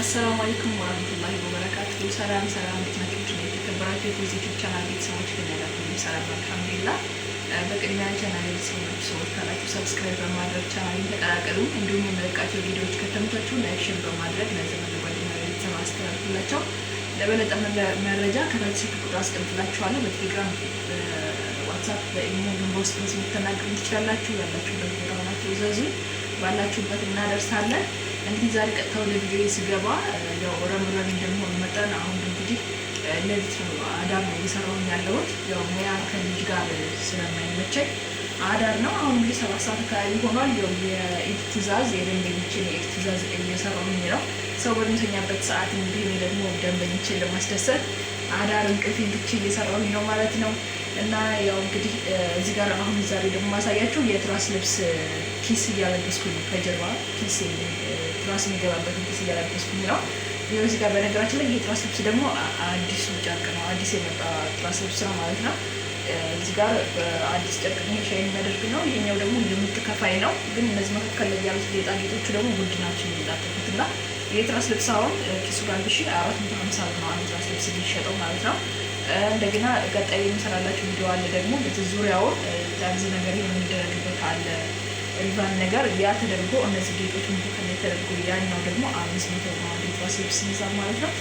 አሰላሙ አለይኩም ወራህመቱላሂ ወበረካቱ። ሰላም ሰላም ቤትናቾች ነው የተከበራችሁ የፖዚቲቭ ቻናል ቤተሰቦች ከሚያላችሁ ሰላም አልሐምዱሊላህ። በቅድሚያ ቻናል ቤተሰቦች ሰዎች ካላችሁ ሰብስክራይብ በማድረግ ቻናልን ተቀላቀሉ። እንዲሁም የምለቃቸው ቪዲዮዎች ከተመቻችሁ ላይክ፣ ሼር በማድረግ ለዘመድ ጓደኛ ቤተሰብ አስተላልፉላቸው። ለበለጠ መረጃ ከታች ስልክ ቁጥር አስቀምጥላችኋለሁ። በቴሌግራም ዋትሳፕ፣ በኢሞ በውስጥ መስመር ተናገሩ ትችላላችሁ። ያላችሁበት ቦታ ሆናችሁ እዘዙ፣ ባላችሁበት እናደርሳለን። እንግዲህ ዛሬ ቀጥታ ወደ ቪዲዮ ስገባ ያው ረመዳን እንደመሆኑ መጠን አሁን እንግዲህ ሌሊት አዳር ነው እየሰራሁኝ ያለሁት። ያው ሙያ ከልጅ ጋር ስለማይመቸኝ አዳር ነው። አሁን እንግዲህ ሰባት ሰዓት አካባቢ ሆኗል። ያው የኢድ ትእዛዝ የደንበኞችን የኢድ ትእዛዝ እየሰራሁኝ ነው። ሰው በሚተኛበት ሰዓት እንግዲህ ደግሞ ደንበኞችን ለማስደሰት አዳር እንቅልፍ ትቼ እየሰራሁኝ ነው ማለት ነው። እና ያው እንግዲህ እዚህ ጋር አሁን ዛሬ ደግሞ ማሳያችሁ የትራስ ልብስ ኪስ እያለበስኩ ነው። ከጀርባ ኪስ ትራስ የሚገባበትን ኪስ እያለበስኩኝ ነው። ይኸው እዚህ ጋር በነገራችን ላይ የትራስ ልብስ ደግሞ አዲሱ ጨርቅ ነው። አዲስ የመጣ ትራስ ልብስ ነው ማለት ነው። እዚህ ጋር በአዲስ ጨርቅ ሻይ የሚያደርግ ነው። ይሄኛው ደግሞ ልምጥ ከፋይ ነው። ግን እነዚህ መካከል ላይ ያሉት ጌጣጌጦቹ ደግሞ ውድ ናቸው የሚጣጠፉት እና የትራስ ልብስ አሁን ኪሱ ጋር ሺ አራት መቶ ሀምሳ ነው አንድ ትራስ ልብስ የሚሸጠው ማለት ነው። እንደገና ቀጣይ የምሰራላችሁ ቪዲዮ አለ ደግሞ በዚህ ዙሪያውን ዳንዝ ነገር የምንደረግበት አለ ሪቫን ነገር ያ ተደርጎ እነዚህ ጌጦች ምክክል ተደርጎ ያኛው ደግሞ አምስት መቶ ዲቫ ሴፕስ ይዛ ማለት ነው።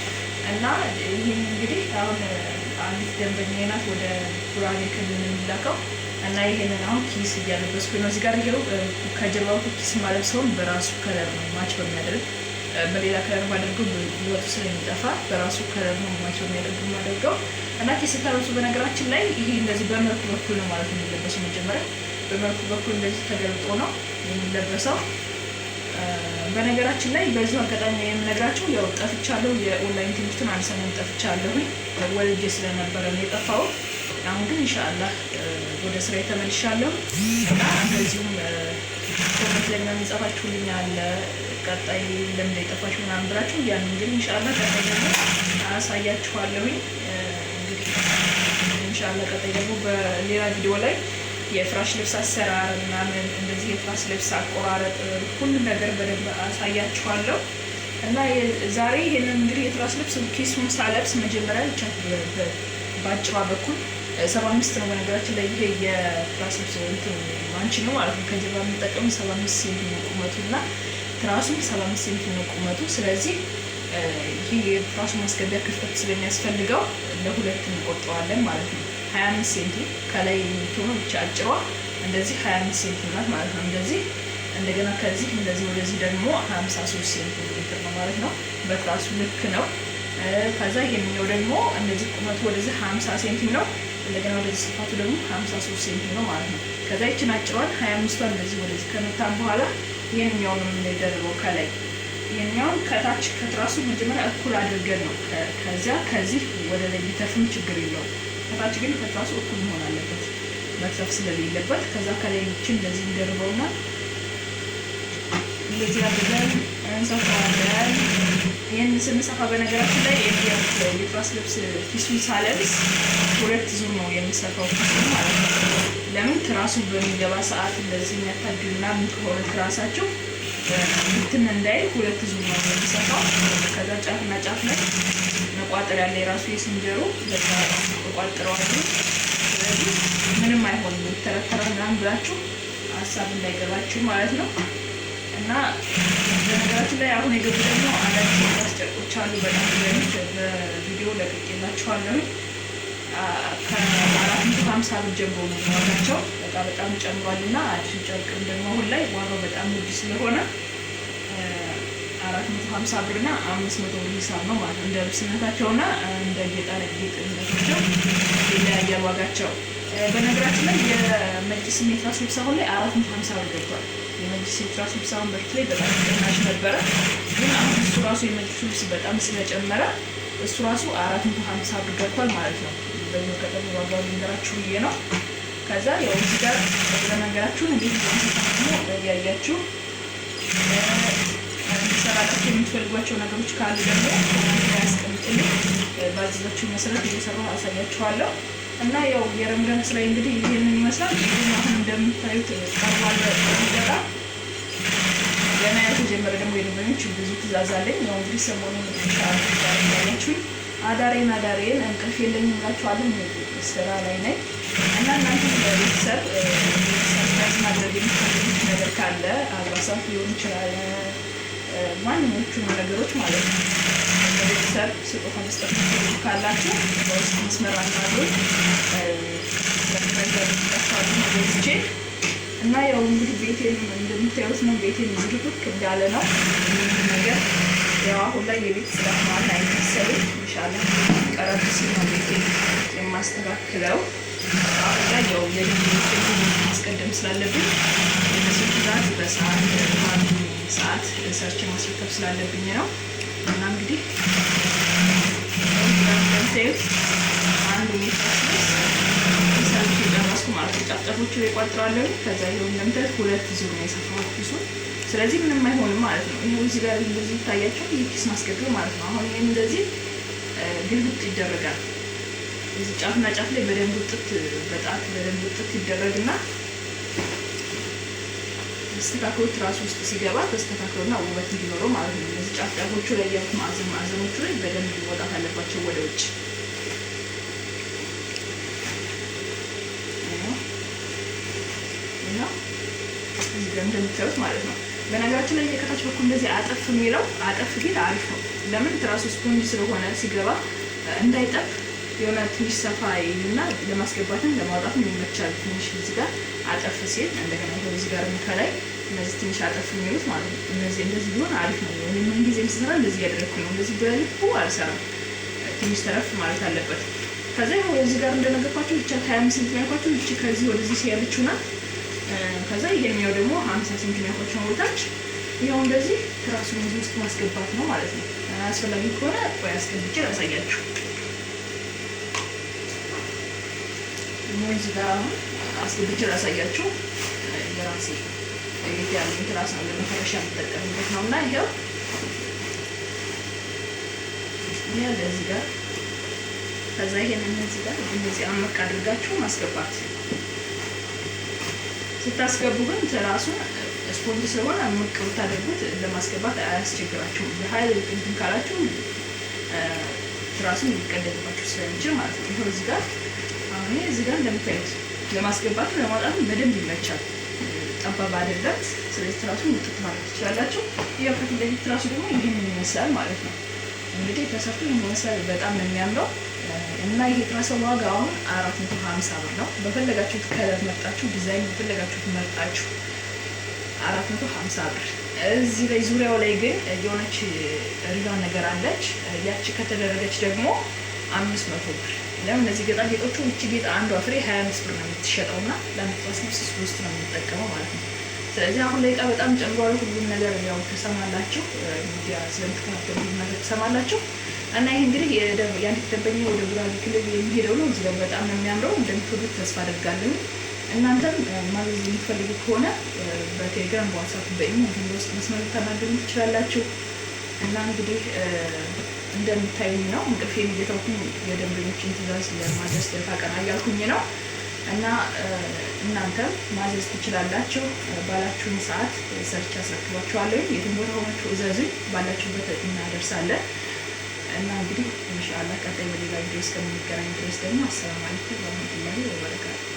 እና ይህም እንግዲህ አሁን አንዲት ደንበኛ ናት ወደ ጉራጌ ክልል የሚላከው እና ይሄንን አሁን ኪስ እያለበስኩ ነው። እዚህ ጋር ይሄው ከጀርባው ኪስ ማለብ ሰውን በራሱ ከለር ነው ማች በሚያደርግ በሌላ ከለር ባደርገው ሊወጡ ስለሚጠፋ በራሱ ከለር ነው ማቸው የሚያደርግ ማደርገው እና ኪስታ በነገራችን ላይ ይሄ እንደዚህ በመልኩ በኩል ነው ማለት ነው የሚለበሰው። መጀመሪያ በመልኩ በኩል እንደዚህ ተገልጦ ነው የሚለበሰው። በነገራችን ላይ በዚሁ አጋጣሚ የምነግራቸው ያው ጠፍቻለሁ። የኦንላይን ትምህርትን አንድ ሰሞን ጠፍቻለሁኝ ወልጄ ስለነበረ ነው የጠፋው። አሁን ግን ኢንሻላህ ወደ ስራ የተመልሻለሁ እና እንደዚሁም ኮመንት ላይ የሚጻፋችሁልኝ አለ ቀጣይ ለምን የጠፋሽ ምናምን ብላችሁ ያን እንግዲህ ኢንሻአላ ቀጣይ አሳያችኋለሁ። እንግዲህ ኢንሻአላ ቀጣይ ደግሞ በሌላ ቪዲዮ ላይ የፍራሽ ልብስ አሰራር ምናምን እንደዚህ የፍራሽ ልብስ አቆራረጥ ሁሉ ነገር በደንብ አሳያችኋለሁ እና ዛሬ ይህንን እንግዲህ የትራስ ልብስ ኪሱን ሳለብስ መጀመሪያ በአጭሯ በኩል ሰባ አምስት ነው። በነገራችን ላይ ይሄ የትራስ ልብስ ማንች ነው ማለት ነው። ከጀርባ የምንጠቀም ሰባ አምስት ሴንቲ ቁመቱ እና ትራስም 75 ሴንቲ ነው ቁመቱ። ስለዚህ ይህ የትራሱ ማስገቢያ ክፍተት ስለሚያስፈልገው ለሁለት እንቆጥረዋለን ማለት ነው። 25 ሴንቲ ከላይ የምትሆኑ ብቻ አጭሯ እንደዚህ 25 ሴንቲ ማለት ነው። እንደዚህ እንደገና ከዚህ እንደዚህ ወደዚህ ደግሞ 53 ሴንቲ ሜትር ነው ማለት ነው። በትራሱ ልክ ነው። ከዛ ይሄኛው ደግሞ እንደዚህ ቁመቱ ወደዚህ 50 ሴንቲ ነው። እንደገና ወደዚህ ስፋቱ ደግሞ 53 ሴንቲ ነው ማለት ነው። ከዛ ይችን አጭሯን 25ቷን እንደዚህ ወደዚህ ከመታን በኋላ ይህኛውን የምንደርበው ከላይ ይህኛውን ከታች ከትራሱ መጀመሪያ እኩል አድርገን ነው። ከዚያ ከዚህ ወደ ላይ ቢተፍም ችግር የለውም። ከታች ግን ከትራሱ እኩል መሆን አለበት መትረፍ ስለሌለበት ከዛ ከላይ ብቻ እንደዚህ እንደርበውና እንደዚህ አድርገን እንሰፋዋለን። ይህን ስንሰፋ በነገራችን ላይ የትራስ ልብስ ፊሱ ሳለብስ ሁለት ዙር ነው የምሰፋው ፊሱ ማለት ነው። ለምን ትራሱ በሚገባ ሰዓት እንደዚህ የሚያታግልና የምትሆነ ትራሳቸው እንትን እንዳይል ሁለት ዙር ነው የምሰፋው። ከዛ ጫፍና ጫፍ ላይ መቋጠር ያለ የራሱ የስንጀሮ በዛ ተቋጥረዋለሁ። ስለዚህ ምንም አይሆንም ተረተረ ምናምን ብላችሁ ሀሳብ እንዳይገባችሁ ማለት ነው። እና በነገራችን ላይ አሁን የገቡ ደግሞ አንዳንድ ማስጨቆች አሉ። በጣም ገሚት በቪዲዮ ለቅቄላችኋለሁ። ከአራት መቶ ሀምሳ ብር ጀምሮ ነው ዋጋቸው። በቃ በጣም ጨምሯል እና አዲሱ ጨርቅም ደግሞ አሁን ላይ ዋጋው በጣም ውድ ስለሆነ አራት መቶ ሀምሳ ብር እና አምስት መቶ ብር ሂሳብ ነው ማለት እንደ ልብስነታቸው ልብስነታቸውና እንደ ጌጣ ጌጣጌጥነታቸው ይለያያል ዋጋቸው። በነገራችን ላይ ስሜት ሜትራ ስብሰባውን ላይ አራት መቶ ሀምሳ ብር ገብቷል። ስሜት ሜትራ ስብሰባውን በፊት ላይ በጣም ቅናሽ ነበረ፣ ግን አሁን እሱ ራሱ የመጅልሱ ልብስ በጣም ስለጨመረ እሱ ራሱ አራት መቶ ሀምሳ ብር ገብቷል ማለት ነው። በዚህ ቀጠሉ ዋጋ ልንገራችሁ ብዬ ነው። ከዛ ያው እዚህ ጋር በነገራችሁን እንዴት ደግሞ እያያችሁ ሰራላችሁ የምትፈልጓቸው ነገሮች ካሉ ደግሞ ያስቀምጥልኝ። ባዘዛችሁ መሰረት እየሰራሁ አሳያችኋለሁ። እና ያው የረምዳን ስራዬ እንግዲህ ይህንን ይመስላል። አሁን እንደምታዩት ቀርቧል። ሚገጣ ገና ያልተጀመረ ደግሞ የደንበኞች ብዙ ትእዛዝ አለኝ። ያው እንግዲህ ሰሞኑን ሻያችሁኝ አዳሬን አዳሬን እንቅልፍ የለኝም እላችኋለሁ። ስራ ላይ ነኝ እና እናንተ ቤተሰብ ሳስታይዝ ማድረግ የምትፈልጉት ነገር ካለ አልባሳት ሊሆን ይችላል፣ ማንኞቹ ነገሮች ማለት ነው ማሰር ስጦታ መስጠት ካላችሁ በውስጥ መስመር አናግሩ ገዝቼ እና ያው እንግዲህ ቤቴን እንደምታዩት ነው። ቤቴን እንግዲህ ልክ እንዳለ ነው ነገር ያው አሁን ላይ የቤት ስራ ማለት አይመሰሉ ይሻለ ቀረብ ሲል ነው ቤቴን የማስተካክለው። አሁን ላይ ያው የቤት ማስቀደም ስላለብኝ የነሱ ብዛት በሰዓት ሰዓት ሰርች ማስረከብ ስላለብኝ ነው። እና እንግዲህ እንደምታዩት አንድ ከዛ ይኸው እንደምታዩት ሁለት ዙር ነው የሰፋሁት ኪሱን። ስለዚህ ምንም አይሆንም ማለት ነው። ይኸው እዚህ ጋር እንደዚህ ይታያቸው ይህ ኪስ ማስገቢያ ማለት ነው። አሁን ይህም እንደዚህ ግልብጥ ይደረጋል። እዚህ ጫፍና ጫፍ ላይ በደንብ ውጥት በጣት በደንብ ውጥት ይደረግና ስተካክሎች ራሱ ውስጥ ሲገባ ተስተካክሎና ውበት እንዲኖረው ማለት ነው። እነዚህ ጫፍ ጫፎቹ ላይ ያሉት ማዕዘን ማዕዘኖቹ ላይ በደንብ መውጣት አለባቸው ወደ ውጭ። እዚህ ጋር እንደምታዩት ማለት ነው። በነገራችን ላይ የከታች በኩል እንደዚህ አጠፍ የሚለው አጠፍ ግን አሪፍ ነው። ለምን ትራሱ ስፖንጅ ስለሆነ ሲገባ እንዳይጠፍ የሆነ ትንሽ ሰፋ ይልና ለማስገባትም ለማውጣትም ይመቻል። ትንሽ እዚህ ጋር አጠፍ ሲል እንደገና እዚህ ጋር ከላይ እነዚህ ትንሽ አጠፍ የሚሉት ማለት ነው። እነዚህ እንደዚህ ቢሆን አሪፍ ነው። እኔ ምን ጊዜም ስሰራ እንደዚህ እያደረግኩ ነው። እንደዚህ በልኩ አልሰራም። ትንሽ ተረፍ ማለት አለበት። ከዛ ይኸው እዚህ ጋር እንደነገርኳችሁ ብቻ ከሀያ አምስት ሴንቲሜትር ያልኳችሁ ብቻ ከዚህ ወደዚህ ሲያለችው ናት። ከዛ ይሄኛው ደግሞ ሀምሳ ሴንቲሜትር ያልኳችሁ ወታች ይኸው እንደዚህ ራሱን እዚህ ውስጥ ማስገባት ነው ማለት ነው። አስፈላጊ ከሆነ ወይ አስገብቼ ላሳያችሁ እዚህ ጋር አሁን አስገብቼ ላሳያችሁ። የራሴ ቤት ያለኝ ትራስ ነው ለመፈረሻ የምጠቀምበት ነው እና ይኸው ያለ እዚህ ጋር ከዛ ይሄን እነዚህ ጋር እነዚህ አመቅ አድርጋችሁ ማስገባት ስታስገቡ ግን ትራሱን ስፖንጅ ስለሆነ አመቅ ብታደርጉት ለማስገባት አያስቸግራችሁም። በሀይል እንትን ካላችሁ ትራሱን ሊቀደድባችሁ ስለሚችል ማለት ነው። ይኸው እዚህ ጋር አሁን እዚህ ጋር እንደምታዩት ለማስገባት ለማውጣት በደንብ ይመቻል። ጠባብ አይደለም። ስለዚህ ትራሱን ውጥት ማድረግ ትችላላችሁ። ይህ ከፊት ለፊት ትራሱ ደግሞ ይህን ይመስላል ማለት ነው። እንግዲህ ተሰርቶ ይመስላል። በጣም ነው የሚያምረው እና ይሄ ትራስ ዋጋ አሁን አራት መቶ ሀምሳ ብር ነው። በፈለጋችሁት ከለር መርጣችሁ ዲዛይን በፈለጋችሁት መርጣችሁ አራት መቶ ሀምሳ ብር። እዚህ ላይ ዙሪያው ላይ ግን የሆነች ሪቫን ነገር አለች። ያቺ ከተደረገች ደግሞ አምስት መቶ ብር ለም እነዚህ ጌጣጌጦቹ ውጭ ጌጣ አንዷ ፍሬ ሀያ አምስት ብር ነው የምትሸጠው እና ለምትባስ ልብስ ውስጥ ነው የምንጠቀመው ማለት ነው። ስለዚህ አሁን ላይ ዕቃ በጣም ጨምሯል። ሁሉም ነገር ያው ትሰማላችሁ፣ ሚዲያ ስለምትከታተሉ ሁሉም ነገር ትሰማላችሁ። እና ይህ እንግዲህ የአንዲት ደንበኛ ወደ ጉራጌ ክልል የሚሄደው ነው። እዚህ በጣም ነው የሚያምረው። እንደምትወዱት ተስፋ አደርጋለሁ። እናንተም ማዘዝ የምትፈልጉ ከሆነ በቴሌግራም በዋትሳፕ በኢሞ ውስጥ መስመር ልታናገኙ ትችላላችሁ እና እንግዲህ እንደምታዩኝ ነው። እንቅልፌን እየተውኩኝ የደንበኞችን ትእዛዝ ለማዘዝ ደፋቀና እያልኩኝ ነው እና እናንተም ማዘዝ ትችላላችሁ። ባላችሁን ሰዓት ሰርች ያስረክባችኋለሁ። የትም ቦታ ሆናችሁ እዘዙኝ፣ ባላችሁበት እናደርሳለን እና እንግዲህ ኢንሻአላህ ቀጣይ በሌላ ቪዲዮ እስከምንገናኝ ድረስ ደግሞ አሰላም አለይኩም ወረህመቱላሂ ወበረካቱ